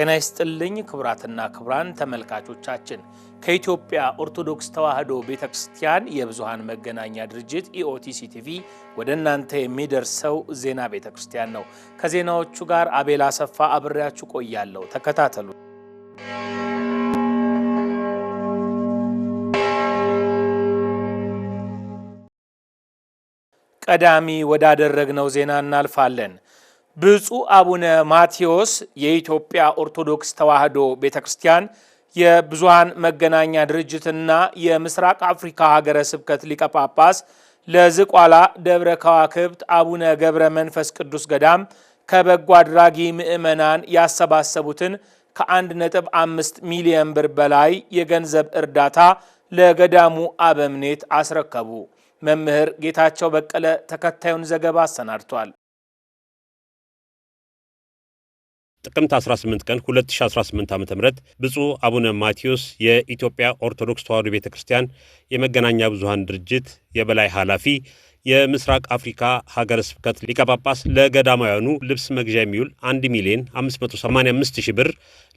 ጤና ይስጥልኝ ክቡራትና ክቡራን ተመልካቾቻችን ከኢትዮጵያ ኦርቶዶክስ ተዋህዶ ቤተ ክርስቲያን የብዙሃን መገናኛ ድርጅት ኢኦቲሲ ቲቪ ወደ እናንተ የሚደርሰው ዜና ቤተ ክርስቲያን ነው። ከዜናዎቹ ጋር አቤል አሰፋ አብሬያችሁ ቆያለሁ። ተከታተሉ። ቀዳሚ ወዳደረግነው ዜና እናልፋለን። ብፁዕ አቡነ ማቴዎስ የኢትዮጵያ ኦርቶዶክስ ተዋሕዶ ቤተ ክርስቲያን የብዙሃን መገናኛ ድርጅትና የምስራቅ አፍሪካ ሀገረ ስብከት ሊቀ ጳጳስ ለዝቋላ ደብረ ከዋክብት አቡነ ገብረ መንፈስ ቅዱስ ገዳም ከበጎ አድራጊ ምዕመናን ያሰባሰቡትን ከ1.5 ሚሊዮን ብር በላይ የገንዘብ እርዳታ ለገዳሙ አበምኔት አስረከቡ። መምህር ጌታቸው በቀለ ተከታዩን ዘገባ አሰናድቷል። ጥቅምት 18 ቀን 2018 ዓ ም ብፁዕ አቡነ ማቴዎስ የኢትዮጵያ ኦርቶዶክስ ተዋሕዶ ቤተ ክርስቲያን የመገናኛ ብዙሃን ድርጅት የበላይ ኃላፊ የምስራቅ አፍሪካ ሀገረ ስብከት ሊቀ ጳጳስ ለገዳማውያኑ ልብስ መግዣ የሚውል 1 ሚሊዮን 585 ሺህ ብር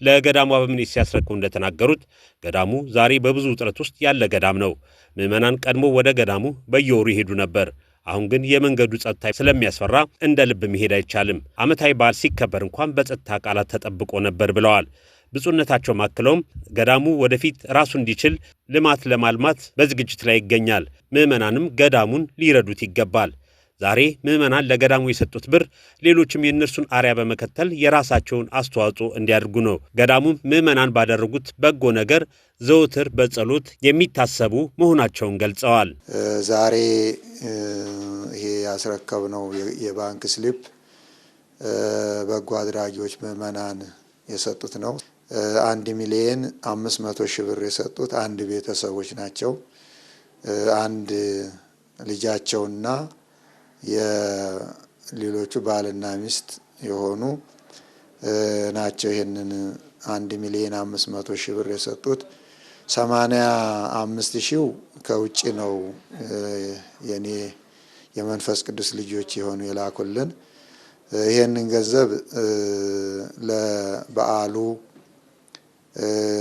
ለገዳሙ አበምኔት ሲያስረክቡ እንደተናገሩት ገዳሙ ዛሬ በብዙ ውጥረት ውስጥ ያለ ገዳም ነው። ምዕመናን ቀድሞ ወደ ገዳሙ በየወሩ ይሄዱ ነበር። አሁን ግን የመንገዱ ጸጥታ ስለሚያስፈራ እንደ ልብ መሄድ አይቻልም። ዓመታዊ በዓል ሲከበር እንኳን በጸጥታ ቃላት ተጠብቆ ነበር ብለዋል። ብፁዕነታቸው አክለውም ገዳሙ ወደፊት ራሱ እንዲችል ልማት ለማልማት በዝግጅት ላይ ይገኛል። ምዕመናንም ገዳሙን ሊረዱት ይገባል። ዛሬ ምዕመናን ለገዳሙ የሰጡት ብር ሌሎችም የእነርሱን አርያ በመከተል የራሳቸውን አስተዋጽኦ እንዲያደርጉ ነው። ገዳሙም ምዕመናን ባደረጉት በጎ ነገር ዘውትር በጸሎት የሚታሰቡ መሆናቸውን ገልጸዋል። ዛሬ ይሄ ያስረከብነው የባንክ ስሊፕ በጎ አድራጊዎች ምዕመናን የሰጡት ነው። አንድ ሚሊየን አምስት መቶ ሺህ ብር የሰጡት አንድ ቤተሰቦች ናቸው። አንድ ልጃቸውና የሌሎቹ ባልና ሚስት የሆኑ ናቸው። ይህንን አንድ ሚሊዮን አምስት መቶ ሺህ ብር የሰጡት ሰማንያ አምስት ሺው ከውጭ ነው። የኔ የመንፈስ ቅዱስ ልጆች የሆኑ የላኩልን ይህንን ገንዘብ ለበዓሉ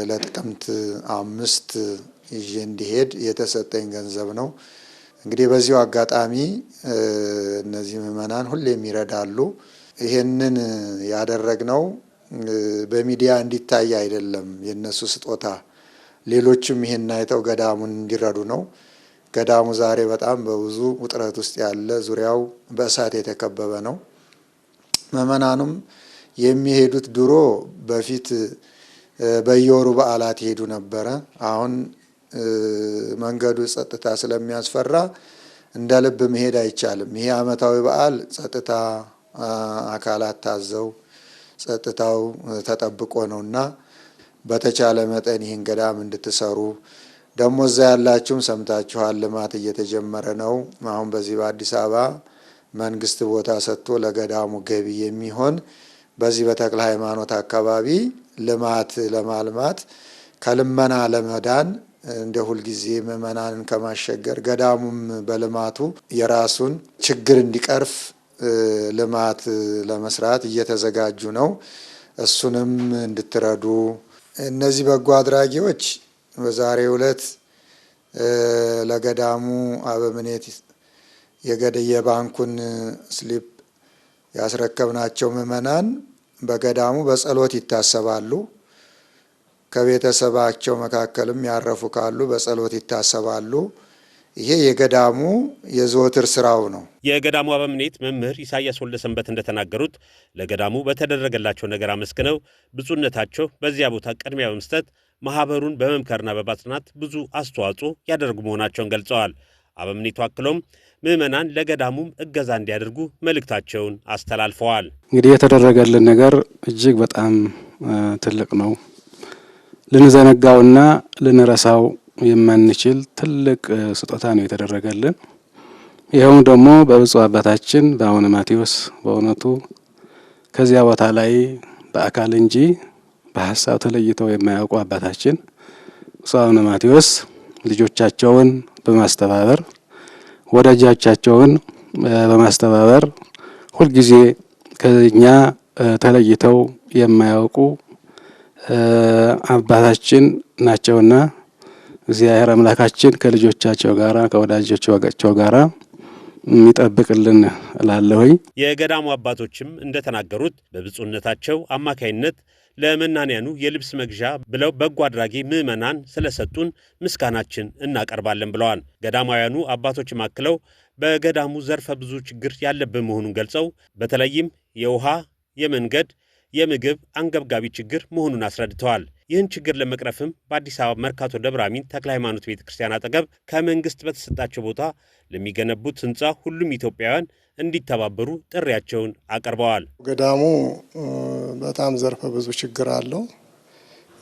ለጥቅምት አምስት ይዤ እንዲሄድ የተሰጠኝ ገንዘብ ነው። እንግዲህ በዚሁ አጋጣሚ እነዚህ ምዕመናን ሁሌም ይረዳሉ። ይሄንን ያደረግነው በሚዲያ እንዲታይ አይደለም። የእነሱ ስጦታ ሌሎችም ይሄን አይተው ገዳሙን እንዲረዱ ነው። ገዳሙ ዛሬ በጣም በብዙ ውጥረት ውስጥ ያለ፣ ዙሪያው በእሳት የተከበበ ነው። ምዕመናኑም የሚሄዱት ድሮ በፊት በየወሩ በዓላት ይሄዱ ነበረ። አሁን መንገዱ ጸጥታ ስለሚያስፈራ እንደ ልብ መሄድ አይቻልም። ይሄ ዓመታዊ በዓል ጸጥታ አካላት ታዘው ጸጥታው ተጠብቆ እና በተቻለ መጠን ይህን ገዳም እንድትሰሩ ደግሞ እዛ ያላችሁም ሰምታችኋል። ልማት እየተጀመረ ነው። አሁን በዚህ በአዲስ አበባ መንግስት ቦታ ሰጥቶ ለገዳሙ ገቢ የሚሆን በዚህ በተክለ ሃይማኖት አካባቢ ልማት ለማልማት ከልመና ለመዳን እንደ ሁልጊዜ ምእመናንን ከማሸገር ገዳሙም በልማቱ የራሱን ችግር እንዲቀርፍ ልማት ለመስራት እየተዘጋጁ ነው። እሱንም እንድትረዱ እነዚህ በጎ አድራጊዎች በዛሬው ዕለት ለገዳሙ አበምኔት የገደየ ባንኩን ስሊፕ ያስረከብናቸው ምእመናን በገዳሙ በጸሎት ይታሰባሉ። ከቤተሰባቸው መካከልም ያረፉ ካሉ በጸሎት ይታሰባሉ። ይሄ የገዳሙ የዘወትር ስራው ነው። የገዳሙ አበምኔት መምህር ኢሳያስ ወልደሰንበት እንደተናገሩት ለገዳሙ በተደረገላቸው ነገር አመስግነው ብፁዕነታቸው በዚያ ቦታ ቅድሚያ በመስጠት ማህበሩን በመምከርና በማጽናት ብዙ አስተዋጽኦ ያደርጉ መሆናቸውን ገልጸዋል። አበምኔቱ አክሎም ምዕመናን ለገዳሙም እገዛ እንዲያደርጉ መልእክታቸውን አስተላልፈዋል። እንግዲህ የተደረገልን ነገር እጅግ በጣም ትልቅ ነው። ልንዘነጋውና ልንረሳው የማንችል ትልቅ ስጦታ ነው የተደረገልን። ይኸውም ደግሞ በብፁዕ አባታችን በአቡነ ማቴዎስ በእውነቱ ከዚያ ቦታ ላይ በአካል እንጂ በሀሳብ ተለይተው የማያውቁ አባታችን ብፁዕ አቡነ ማቴዎስ ልጆቻቸውን በማስተባበር ወዳጆቻቸውን በማስተባበር ሁልጊዜ ከኛ ተለይተው የማያውቁ አባታችን ናቸውና እግዚአብሔር አምላካችን ከልጆቻቸው ጋራ ከወዳጆቻቸው ጋራ የሚጠብቅልን እላለሁኝ። የገዳሙ አባቶችም እንደተናገሩት በብፁዕነታቸው አማካይነት ለመናንያኑ የልብስ መግዣ ብለው በጎ አድራጊ ምዕመናን ስለሰጡን ምስጋናችን እናቀርባለን ብለዋል። ገዳማውያኑ አባቶችም አክለው በገዳሙ ዘርፈ ብዙ ችግር ያለብን መሆኑን ገልጸው በተለይም የውሃ የመንገድ የምግብ አንገብጋቢ ችግር መሆኑን አስረድተዋል። ይህን ችግር ለመቅረፍም በአዲስ አበባ መርካቶ ደብራሚን ተክለ ሃይማኖት ቤተ ክርስቲያን አጠገብ ከመንግስት በተሰጣቸው ቦታ ለሚገነቡት ህንፃ ሁሉም ኢትዮጵያውያን እንዲተባበሩ ጥሪያቸውን አቅርበዋል። ገዳሙ በጣም ዘርፈ ብዙ ችግር አለው።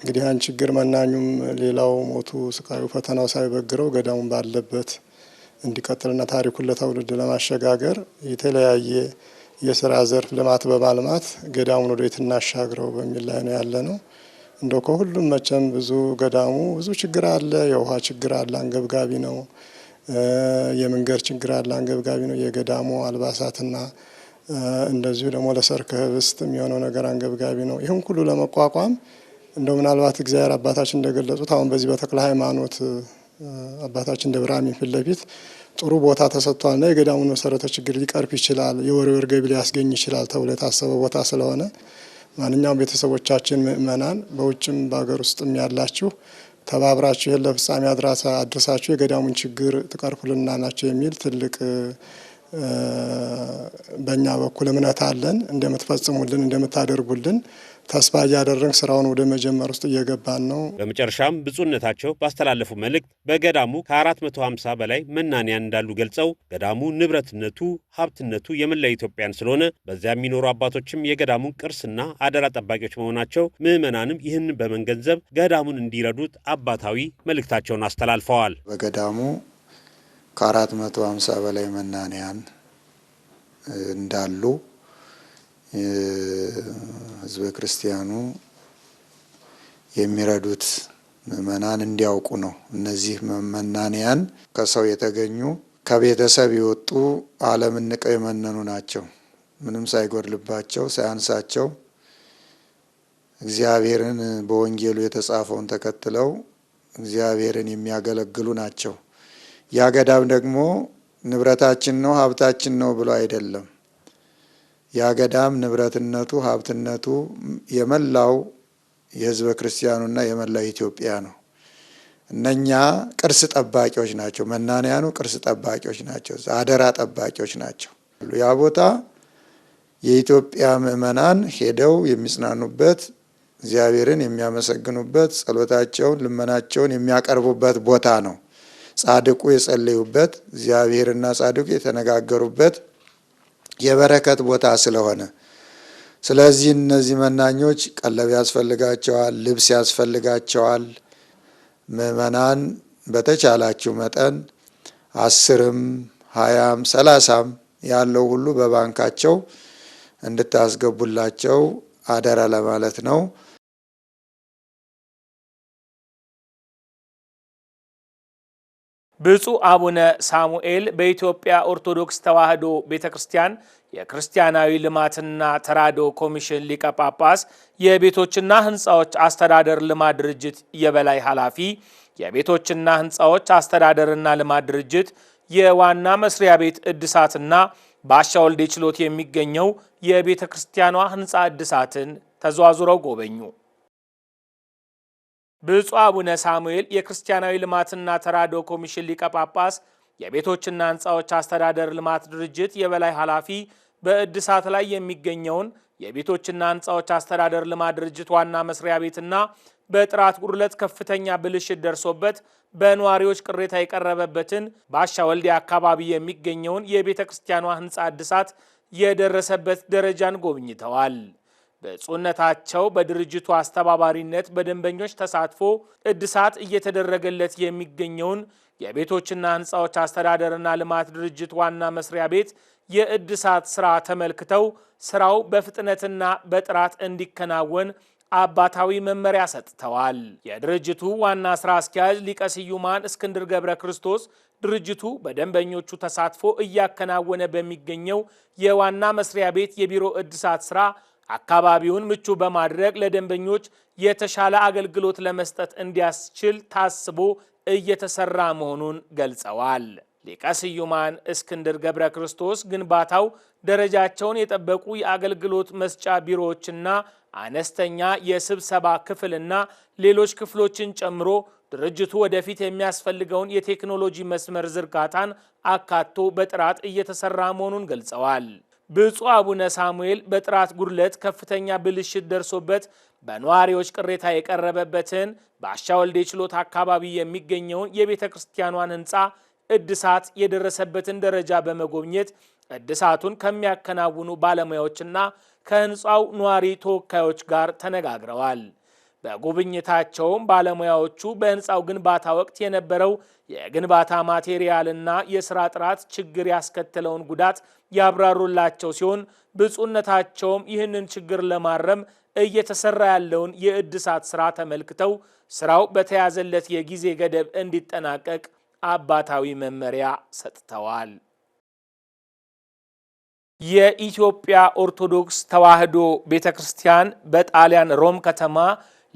እንግዲህ ያን ችግር መናኙም ሌላው ሞቱ፣ ስቃዩ፣ ፈተናው ሳይበግረው ገዳሙን ባለበት እንዲቀጥልና ታሪኩን ለትውልድ ለማሸጋገር የተለያየ የስራ ዘርፍ ልማት በማልማት ገዳሙን ወዴት እናሻግረው በሚል ላይ ነው ያለ ነው። እንደው ከሁሉም መቼም ብዙ ገዳሙ ብዙ ችግር አለ። የውሃ ችግር አለ፣ አንገብጋቢ ነው። የመንገድ ችግር አለ፣ አንገብጋቢ ነው። የገዳሙ አልባሳትና እንደዚሁ ደግሞ ለሰርከ ህብስት የሚሆነው ነገር አንገብጋቢ ነው። ይህን ሁሉ ለመቋቋም እንደ ምናልባት እግዚአብሔር አባታችን እንደገለጹት አሁን በዚህ በተክለ ሃይማኖት አባታችን ደብረ አሚን ፊት ለፊት ጥሩ ቦታ ተሰጥቷልና የገዳሙን መሰረተ ችግር ሊቀርፍ ይችላል፣ የወር ወር ገቢ ሊያስገኝ ይችላል ተብሎ የታሰበ ቦታ ስለሆነ ማንኛውም ቤተሰቦቻችን ምእመናን በውጭም በሀገር ውስጥም ያላችሁ ተባብራችሁ ይህን ለፍጻሜ አድራሳ አድርሳችሁ የገዳሙን ችግር ትቀርፉልና ናቸው የሚል ትልቅ በእኛ በኩል እምነት አለን። እንደምትፈጽሙልን እንደምታደርጉልን ተስፋ እያደረግን ስራውን ወደ መጀመር ውስጥ እየገባን ነው። በመጨረሻም ብፁዕነታቸው ባስተላለፉ መልእክት በገዳሙ ከ450 በላይ መናንያን እንዳሉ ገልጸው ገዳሙ ንብረትነቱ ሀብትነቱ የመላ ኢትዮጵያን ስለሆነ በዚያ የሚኖሩ አባቶችም የገዳሙን ቅርስና አደራ ጠባቂዎች መሆናቸው ምዕመናንም ይህን በመገንዘብ ገዳሙን እንዲረዱት አባታዊ መልእክታቸውን አስተላልፈዋል። በገዳሙ ከ450 በላይ መናንያን እንዳሉ ህዝበ ክርስቲያኑ የሚረዱት ምእመናን እንዲያውቁ ነው። እነዚህ መናንያን ከሰው የተገኙ ከቤተሰብ የወጡ ዓለምን ንቀው የመነኑ ናቸው። ምንም ሳይጎድልባቸው ሳያንሳቸው እግዚአብሔርን በወንጌሉ የተጻፈውን ተከትለው እግዚአብሔርን የሚያገለግሉ ናቸው። ያ ገዳም ደግሞ ንብረታችን ነው ሀብታችን ነው ብሎ አይደለም። ያገዳም ንብረትነቱ ሀብትነቱ የመላው የህዝበ ክርስቲያኑና የመላው ኢትዮጵያ ነው። እነኛ ቅርስ ጠባቂዎች ናቸው። መናንያኑ ቅርስ ጠባቂዎች ናቸው። አደራ ጠባቂዎች ናቸው። ያ ቦታ የኢትዮጵያ ምእመናን ሄደው የሚጽናኑበት፣ እግዚአብሔርን የሚያመሰግኑበት፣ ጸሎታቸውን ልመናቸውን የሚያቀርቡበት ቦታ ነው። ጻድቁ የጸለዩበት፣ እግዚአብሔርና ጻድቁ የተነጋገሩበት የበረከት ቦታ ስለሆነ ስለዚህ እነዚህ መናኞች ቀለብ ያስፈልጋቸዋል፣ ልብስ ያስፈልጋቸዋል። ምእመናን በተቻላችሁ መጠን አስርም ሀያም ሰላሳም ያለው ሁሉ በባንካቸው እንድታስገቡላቸው አደራ ለማለት ነው። ብፁዕ አቡነ ሳሙኤል በኢትዮጵያ ኦርቶዶክስ ተዋሕዶ ቤተ ክርስቲያን የክርስቲያናዊ ልማትና ተራድኦ ኮሚሽን ሊቀ ጳጳስ፣ የቤቶችና ሕንፃዎች አስተዳደር ልማት ድርጅት የበላይ ኃላፊ፣ የቤቶችና ሕንፃዎች አስተዳደርና ልማት ድርጅት የዋና መስሪያ ቤት እድሳትና በአሻ ወልዴ ችሎት የሚገኘው የቤተ ክርስቲያኗ ሕንፃ እድሳትን ተዘዋዙረው ጎበኙ። ብፁዕ አቡነ ሳሙኤል የክርስቲያናዊ ልማትና ተራድኦ ኮሚሽን ሊቀ ጳጳስ፣ የቤቶችና ህንፃዎች አስተዳደር ልማት ድርጅት የበላይ ኃላፊ፣ በእድሳት ላይ የሚገኘውን የቤቶችና ህንፃዎች አስተዳደር ልማት ድርጅት ዋና መስሪያ ቤትና በጥራት ጉድለት ከፍተኛ ብልሽት ደርሶበት በነዋሪዎች ቅሬታ የቀረበበትን በአሻ አካባቢ የሚገኘውን የቤተ ክርስቲያኗ ህንፃ እድሳት የደረሰበት ደረጃን ጎብኝተዋል። ብፁዕነታቸው በድርጅቱ አስተባባሪነት በደንበኞች ተሳትፎ እድሳት እየተደረገለት የሚገኘውን የቤቶችና ህንፃዎች አስተዳደርና ልማት ድርጅት ዋና መስሪያ ቤት የእድሳት ስራ ተመልክተው ስራው በፍጥነትና በጥራት እንዲከናወን አባታዊ መመሪያ ሰጥተዋል። የድርጅቱ ዋና ስራ አስኪያጅ ሊቀ ስዩማን እስክንድር ገብረ ክርስቶስ ድርጅቱ በደንበኞቹ ተሳትፎ እያከናወነ በሚገኘው የዋና መስሪያ ቤት የቢሮ እድሳት ስራ አካባቢውን ምቹ በማድረግ ለደንበኞች የተሻለ አገልግሎት ለመስጠት እንዲያስችል ታስቦ እየተሰራ መሆኑን ገልጸዋል። ሊቀ ስዩማን እስክንድር ገብረ ክርስቶስ ግንባታው ደረጃቸውን የጠበቁ የአገልግሎት መስጫ ቢሮዎችና አነስተኛ የስብሰባ ክፍልና ሌሎች ክፍሎችን ጨምሮ ድርጅቱ ወደፊት የሚያስፈልገውን የቴክኖሎጂ መስመር ዝርጋታን አካቶ በጥራት እየተሰራ መሆኑን ገልጸዋል። ብፁዕ አቡነ ሳሙኤል በጥራት ጉድለት ከፍተኛ ብልሽት ደርሶበት በነዋሪዎች ቅሬታ የቀረበበትን በአሻ ወልዴ ችሎት አካባቢ የሚገኘውን የቤተ ክርስቲያኗን ህንፃ እድሳት የደረሰበትን ደረጃ በመጎብኘት እድሳቱን ከሚያከናውኑ ባለሙያዎችና ከህንፃው ነዋሪ ተወካዮች ጋር ተነጋግረዋል። በጉብኝታቸውም ባለሙያዎቹ በህንፃው ግንባታ ወቅት የነበረው የግንባታ ማቴሪያልና የስራ ጥራት ችግር ያስከተለውን ጉዳት ያብራሩላቸው ሲሆን ብፁዕነታቸውም ይህንን ችግር ለማረም እየተሰራ ያለውን የእድሳት ስራ ተመልክተው ስራው በተያዘለት የጊዜ ገደብ እንዲጠናቀቅ አባታዊ መመሪያ ሰጥተዋል። የኢትዮጵያ ኦርቶዶክስ ተዋሕዶ ቤተ ክርስቲያን በጣሊያን ሮም ከተማ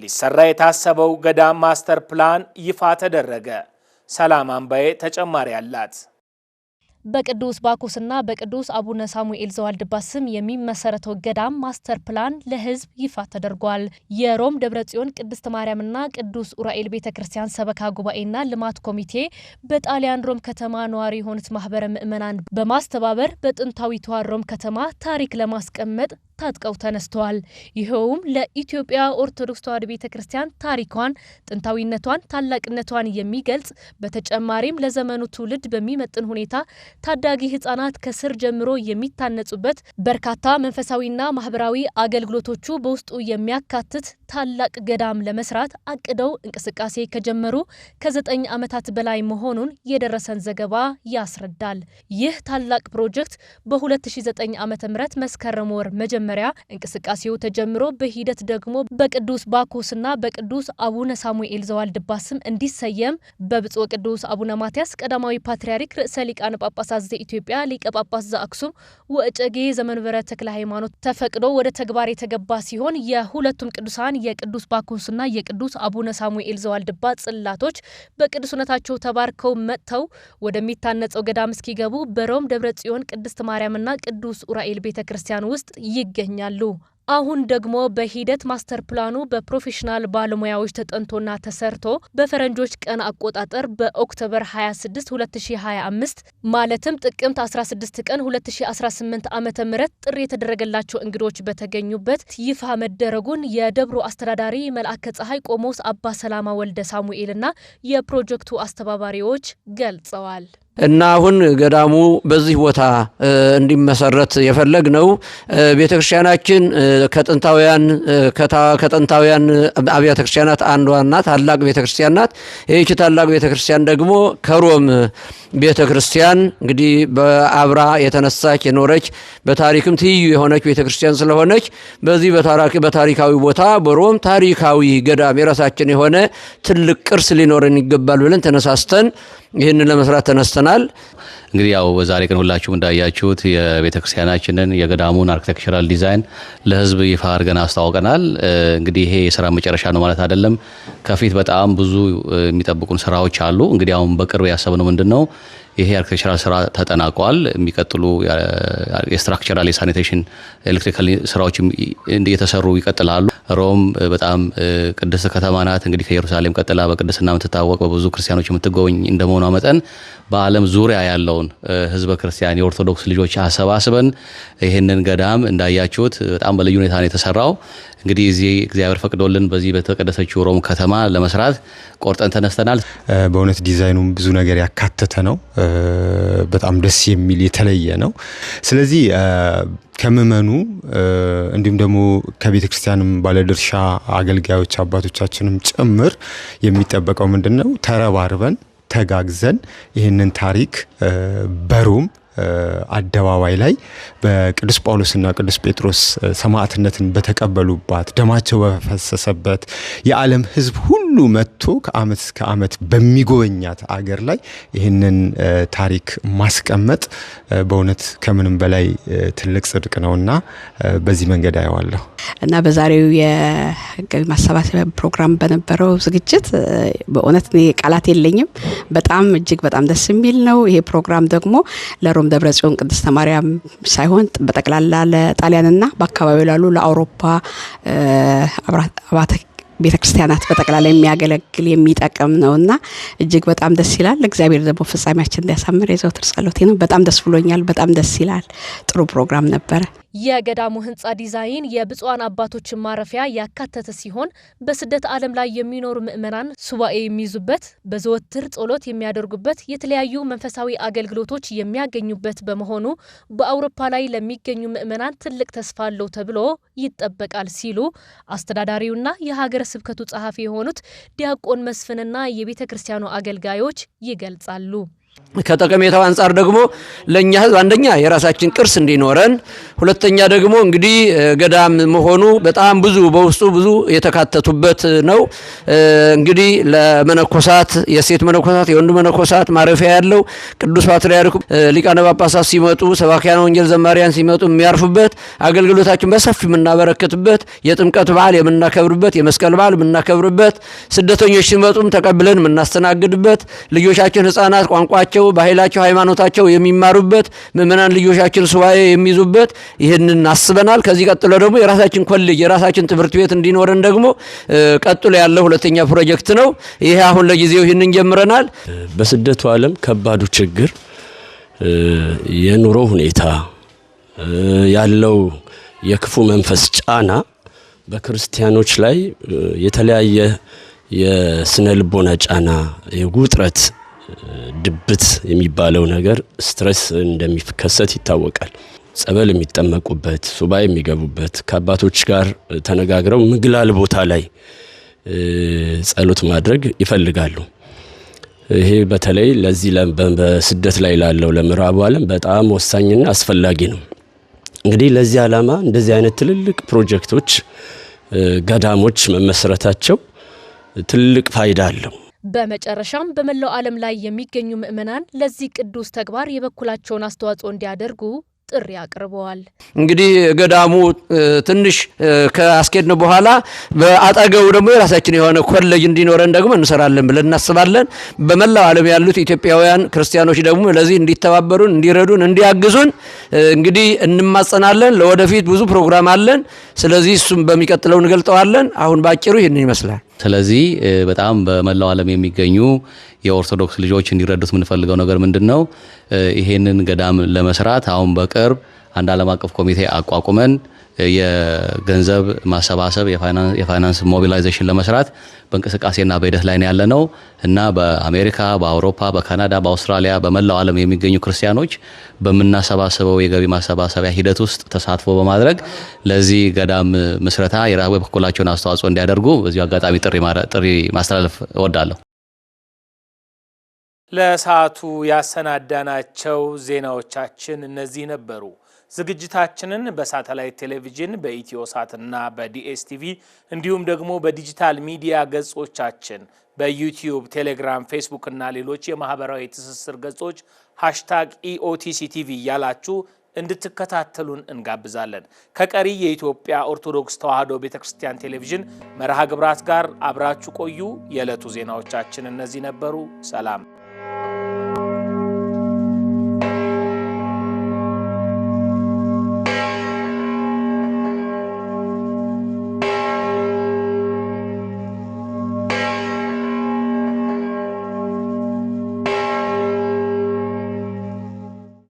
ሊሰራ የታሰበው ገዳም ማስተር ፕላን ይፋ ተደረገ። ሰላም አምባዬ ተጨማሪ አላት። በቅዱስ ባኩስና በቅዱስ አቡነ ሳሙኤል ዘዋልድባ ስም የሚመሰረተው ገዳም ማስተር ፕላን ለሕዝብ ይፋ ተደርጓል። የሮም ደብረ ጽዮን ቅድስት ማርያምና ቅዱስ ኡራኤል ቤተ ክርስቲያን ሰበካ ጉባኤና ልማት ኮሚቴ በጣሊያን ሮም ከተማ ነዋሪ የሆኑት ማህበረ ምእመናን በማስተባበር በጥንታዊቷ ሮም ከተማ ታሪክ ለማስቀመጥ ታጥቀው ተነስተዋል። ይኸውም ለኢትዮጵያ ኦርቶዶክስ ተዋሕዶ ቤተ ክርስቲያን ታሪኳን፣ ጥንታዊነቷን፣ ታላቅነቷን የሚገልጽ በተጨማሪም ለዘመኑ ትውልድ በሚመጥን ሁኔታ ታዳጊ ህጻናት ከስር ጀምሮ የሚታነጹበት በርካታ መንፈሳዊና ማህበራዊ አገልግሎቶቹ በውስጡ የሚያካትት ታላቅ ገዳም ለመስራት አቅደው እንቅስቃሴ ከጀመሩ ከዘጠኝ ዓመታት በላይ መሆኑን የደረሰን ዘገባ ያስረዳል። ይህ ታላቅ ፕሮጀክት በ2009 ዓ.ም መስከረም ወር መጀመሪያ መጀመሪያ እንቅስቃሴው ተጀምሮ በሂደት ደግሞ በቅዱስ ባኮስና በቅዱስ አቡነ ሳሙኤል ዘዋልድባ ስም እንዲሰየም በብፁዕ ቅዱስ አቡነ ማትያስ ቀዳማዊ ፓትርያርክ ርዕሰ ሊቃነ ጳጳሳት ዘኢትዮጵያ ሊቀ ጳጳስ ዘአክሱም ወእጨጌ ዘመንበረ ተክለ ሃይማኖት ተፈቅዶ ወደ ተግባር የተገባ ሲሆን የሁለቱም ቅዱሳን የቅዱስ ባኮስና የቅዱስ አቡነ ሳሙኤል ዘዋልድባ ጽላቶች በቅዱስነታቸው ተባርከው መጥተው ወደሚታነጸው ገዳም እስኪገቡ በሮም ደብረ ጽዮን ቅድስት ማርያምና ቅዱስ ኡራኤል ቤተ ክርስቲያን ውስጥ ይገ ይገኛሉ። አሁን ደግሞ በሂደት ማስተር ፕላኑ በፕሮፌሽናል ባለሙያዎች ተጠንቶና ተሰርቶ በፈረንጆች ቀን አቆጣጠር በኦክቶበር 26 2025 ማለትም ጥቅምት 16 ቀን 2018 ዓ ም ጥሪ የተደረገላቸው እንግዶች በተገኙበት ይፋ መደረጉን የደብሮ አስተዳዳሪ መልአከ ፀሐይ ቆሞስ አባ ሰላማ ወልደ ሳሙኤልና የፕሮጀክቱ አስተባባሪዎች ገልጸዋል። እና አሁን ገዳሙ በዚህ ቦታ እንዲመሰረት የፈለግ ነው። ቤተ ክርስቲያናችን ከጥንታውያን ከጥንታውያን አብያተ ክርስቲያናት አንዷ ናት። ታላቅ ቤተ ክርስቲያን ናት። ይህቺ ታላቅ ቤተ ክርስቲያን ደግሞ ከሮም ቤተ ክርስቲያን እንግዲህ በአብራ የተነሳች የኖረች በታሪክም ትይዩ የሆነች ቤተ ክርስቲያን ስለሆነች በዚህ በታሪካዊ ቦታ በሮም ታሪካዊ ገዳም የራሳችን የሆነ ትልቅ ቅርስ ሊኖረን ይገባል ብለን ተነሳስተን ይህንን ለመስራት ተነስተን አውጥተናል። እንግዲህ ያው በዛሬ ቀን ሁላችሁም እንዳያችሁት የቤተክርስቲያናችንን የገዳሙን አርክቴክቸራል ዲዛይን ለህዝብ ይፋ አድርገን አስተዋውቀናል። እንግዲህ ይሄ የስራ መጨረሻ ነው ማለት አይደለም። ከፊት በጣም ብዙ የሚጠብቁን ስራዎች አሉ። እንግዲህ አሁን በቅርብ ያሰብነው ምንድን ነው ይሄ የአርክቴክቸራል ስራ ተጠናቋል። የሚቀጥሉ የስትራክቸራል የሳኒቴሽን ኤሌክትሪካል ስራዎች እየተሰሩ ይቀጥላሉ። ሮም በጣም ቅድስት ከተማ ናት። እንግዲህ ከኢየሩሳሌም ቀጥላ በቅድስና የምትታወቅ በብዙ ክርስቲያኖች የምትጎበኝ እንደመሆኗ መጠን በዓለም ዙሪያ ያለውን ህዝበ ክርስቲያን የኦርቶዶክስ ልጆች አሰባስበን ይህንን ገዳም እንዳያችሁት በጣም በልዩ ሁኔታ ነው የተሰራው። እንግዲህ እዚህ እግዚአብሔር ፈቅዶልን በዚህ በተቀደሰችው ሮም ከተማ ለመስራት ቆርጠን ተነስተናል። በእውነት ዲዛይኑም ብዙ ነገር ያካተተ ነው። በጣም ደስ የሚል የተለየ ነው። ስለዚህ ከምእመኑ እንዲሁም ደግሞ ከቤተ ክርስቲያንም ባለድርሻ አገልጋዮች አባቶቻችንም ጭምር የሚጠበቀው ምንድን ነው? ተረባርበን ተጋግዘን ይህንን ታሪክ በሮም አደባባይ ላይ በቅዱስ ጳውሎስና ቅዱስ ጴጥሮስ ሰማዕትነትን በተቀበሉባት ደማቸው በፈሰሰበት የዓለም ሕዝብ ሁሉ መጥቶ ከዓመት እስከ ዓመት በሚጎበኛት አገር ላይ ይህንን ታሪክ ማስቀመጥ በእውነት ከምንም በላይ ትልቅ ጽድቅ እና በዚህ መንገድ አየዋለሁ እና በዛሬው የገቢ ማሰባሰቢያ ፕሮግራም በነበረው ዝግጅት በእውነት ቃላት የለኝም። በጣም እጅግ በጣም ደስ የሚል ነው። ይሄ ፕሮግራም ደግሞ ሮም ደብረ ጽዮን ቅድስተ ማርያም ሳይሆን በጠቅላላ ለጣሊያንና በአካባቢው ላሉ ለአውሮፓ አብያተ ቤተ ክርስቲያናት በጠቅላላ የሚያገለግል የሚጠቅም ነውና እጅግ በጣም ደስ ይላል። እግዚአብሔር ደግሞ ፍጻሜያችን እንዲያሳምር የዘውትር ጸሎቴ ነው። በጣም ደስ ብሎኛል። በጣም ደስ ይላል። ጥሩ ፕሮግራም ነበረ። የገዳሙ ህንፃ ዲዛይን የብፁዓን አባቶችን ማረፊያ ያካተተ ሲሆን በስደት ዓለም ላይ የሚኖሩ ምዕመናን ሱባኤ የሚይዙበት፣ በዘወትር ጸሎት የሚያደርጉበት፣ የተለያዩ መንፈሳዊ አገልግሎቶች የሚያገኙበት በመሆኑ በአውሮፓ ላይ ለሚገኙ ምዕመናን ትልቅ ተስፋ አለው ተብሎ ይጠበቃል ሲሉ አስተዳዳሪውና የሀገረ ስብከቱ ጸሐፊ የሆኑት ዲያቆን መስፍንና የቤተ ክርስቲያኑ አገልጋዮች ይገልጻሉ። ከጠቀሜታው አንጻር ደግሞ ለእኛ ህዝብ አንደኛ የራሳችን ቅርስ እንዲኖረን፣ ሁለተኛ ደግሞ እንግዲህ ገዳም መሆኑ በጣም ብዙ በውስጡ ብዙ የተካተቱበት ነው። እንግዲህ ለመነኮሳት የሴት መነኮሳት፣ የወንድ መነኮሳት ማረፊያ ያለው ቅዱስ ፓትርያርኩ ሊቃነ ጳጳሳት ሲመጡ፣ ሰባኪያን ወንጌል ዘማሪያን ሲመጡ የሚያርፉበት አገልግሎታችን በሰፊ የምናበረክትበት፣ የጥምቀት በዓል የምናከብርበት፣ የመስቀል በዓል የምናከብርበት፣ ስደተኞች ሲመጡም ተቀብለን የምናስተናግድበት፣ ልጆቻችን ህጻናት ቋንቋቸው በባህላቸው በኃይላቸው ሃይማኖታቸው የሚማሩበት ምእመናን ልጆቻችን ሱባኤ የሚይዙበት ይህንን አስበናል። ከዚህ ቀጥሎ ደግሞ የራሳችን ኮሌጅ የራሳችን ትምህርት ቤት እንዲኖረን ደግሞ ቀጥሎ ያለው ሁለተኛ ፕሮጀክት ነው። ይሄ አሁን ለጊዜው ይህንን ጀምረናል። በስደቱ ዓለም ከባዱ ችግር የኑሮ ሁኔታ ያለው የክፉ መንፈስ ጫና በክርስቲያኖች ላይ የተለያየ የስነ ልቦና ጫና ውጥረት ድብት የሚባለው ነገር ስትረስ እንደሚከሰት ይታወቃል። ጸበል የሚጠመቁበት፣ ሱባ የሚገቡበት፣ ከአባቶች ጋር ተነጋግረው ምግላል ቦታ ላይ ጸሎት ማድረግ ይፈልጋሉ። ይሄ በተለይ ለዚህ በስደት ላይ ላለው ለምዕራቡ ዓለም በጣም ወሳኝና አስፈላጊ ነው። እንግዲህ ለዚህ ዓላማ እንደዚህ አይነት ትልልቅ ፕሮጀክቶች ገዳሞች መመስረታቸው ትልቅ ፋይዳ አለው። በመጨረሻም በመላው ዓለም ላይ የሚገኙ ምዕመናን ለዚህ ቅዱስ ተግባር የበኩላቸውን አስተዋጽኦ እንዲያደርጉ ጥሪ አቅርበዋል። እንግዲህ ገዳሙ ትንሽ ከአስኬድን በኋላ በአጠገቡ ደግሞ የራሳችን የሆነ ኮሌጅ እንዲኖረን ደግሞ እንሰራለን ብለን እናስባለን። በመላው ዓለም ያሉት ኢትዮጵያውያን ክርስቲያኖች ደግሞ ለዚህ እንዲተባበሩን፣ እንዲረዱን፣ እንዲያግዙን እንግዲህ እንማጸናለን። ለወደፊት ብዙ ፕሮግራም አለን። ስለዚህ እሱም በሚቀጥለው እንገልጠዋለን። አሁን በአጭሩ ይህንን ይመስላል። ስለዚህ በጣም በመላው ዓለም የሚገኙ የኦርቶዶክስ ልጆች እንዲረዱት የምንፈልገው ነገር ምንድን ነው? ይሄንን ገዳም ለመስራት አሁን በቅርብ አንድ ዓለም አቀፍ ኮሚቴ አቋቁመን የገንዘብ ማሰባሰብ የፋይናንስ ሞቢላይዜሽን ለመስራት በእንቅስቃሴና በሂደት ላይ ያለ ነው እና በአሜሪካ፣ በአውሮፓ፣ በካናዳ፣ በአውስትራሊያ በመላው ዓለም የሚገኙ ክርስቲያኖች በምናሰባሰበው የገቢ ማሰባሰቢያ ሂደት ውስጥ ተሳትፎ በማድረግ ለዚህ ገዳም ምስረታ የበኩላቸውን አስተዋጽኦ እንዲያደርጉ በዚሁ አጋጣሚ ጥሪ ማስተላለፍ እወዳለሁ። ለሰዓቱ ያሰናዳናቸው ዜናዎቻችን እነዚህ ነበሩ። ዝግጅታችንን በሳተላይት ቴሌቪዥን በኢትዮ ሳትና በዲኤስቲቪ እንዲሁም ደግሞ በዲጂታል ሚዲያ ገጾቻችን በዩቲዩብ፣ ቴሌግራም፣ ፌስቡክ እና ሌሎች የማህበራዊ ትስስር ገጾች ሃሽታግ ኢኦቲሲ ቲቪ እያላችሁ እንድትከታተሉን እንጋብዛለን። ከቀሪ የኢትዮጵያ ኦርቶዶክስ ተዋሕዶ ቤተ ክርስቲያን ቴሌቪዥን መርሃ ግብራት ጋር አብራችሁ ቆዩ። የዕለቱ ዜናዎቻችን እነዚህ ነበሩ። ሰላም